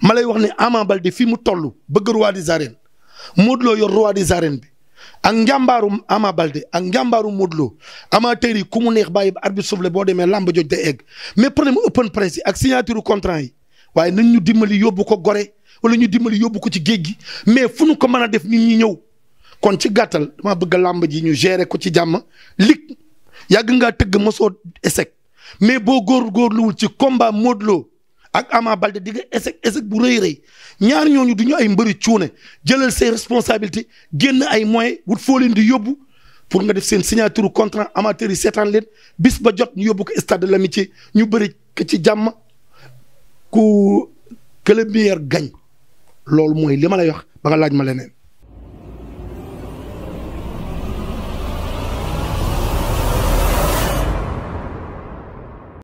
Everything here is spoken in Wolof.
ma lay wax ne Ama Baldé fi mu tollu bëgg roi des arènes Modou yor roi des arènes bi ak njàmbaaru Ama Baldé ak njàmbaaru Modou Lo amateur yi ku neex bàyyi ba arbitre souffle boo demee làmb joj day egg mais problème open press yi ak signature contrat yi waaye nañ ñu dimbali yóbbu ko gore wala ñu dimbali yóbbu ko ci géej gi mais fu nu ko mën a def ni ñi ñëw kon ci gàttal ma bëgg làmb ji ñu gérer ko ci jàmm lig yàgg ngaa tëgg mosoo échec mais boo góor góorluwul ci combat Modou ak Ama Balde di nga échec bu rëy rëy ñaar ñooñu du ñu ay mbëri cuune jëlal say responsabilité génn ay moyens wut foo leen di yóbbu pour nga def seen signature contrat amateur yi seetaan leen bis ba jot ñu yóbbu ko stade de ci ñu bëri ko ci jàmm ku que le meilleur gagne loolu mooy li ma lay wax ba nga laaj ma leneen.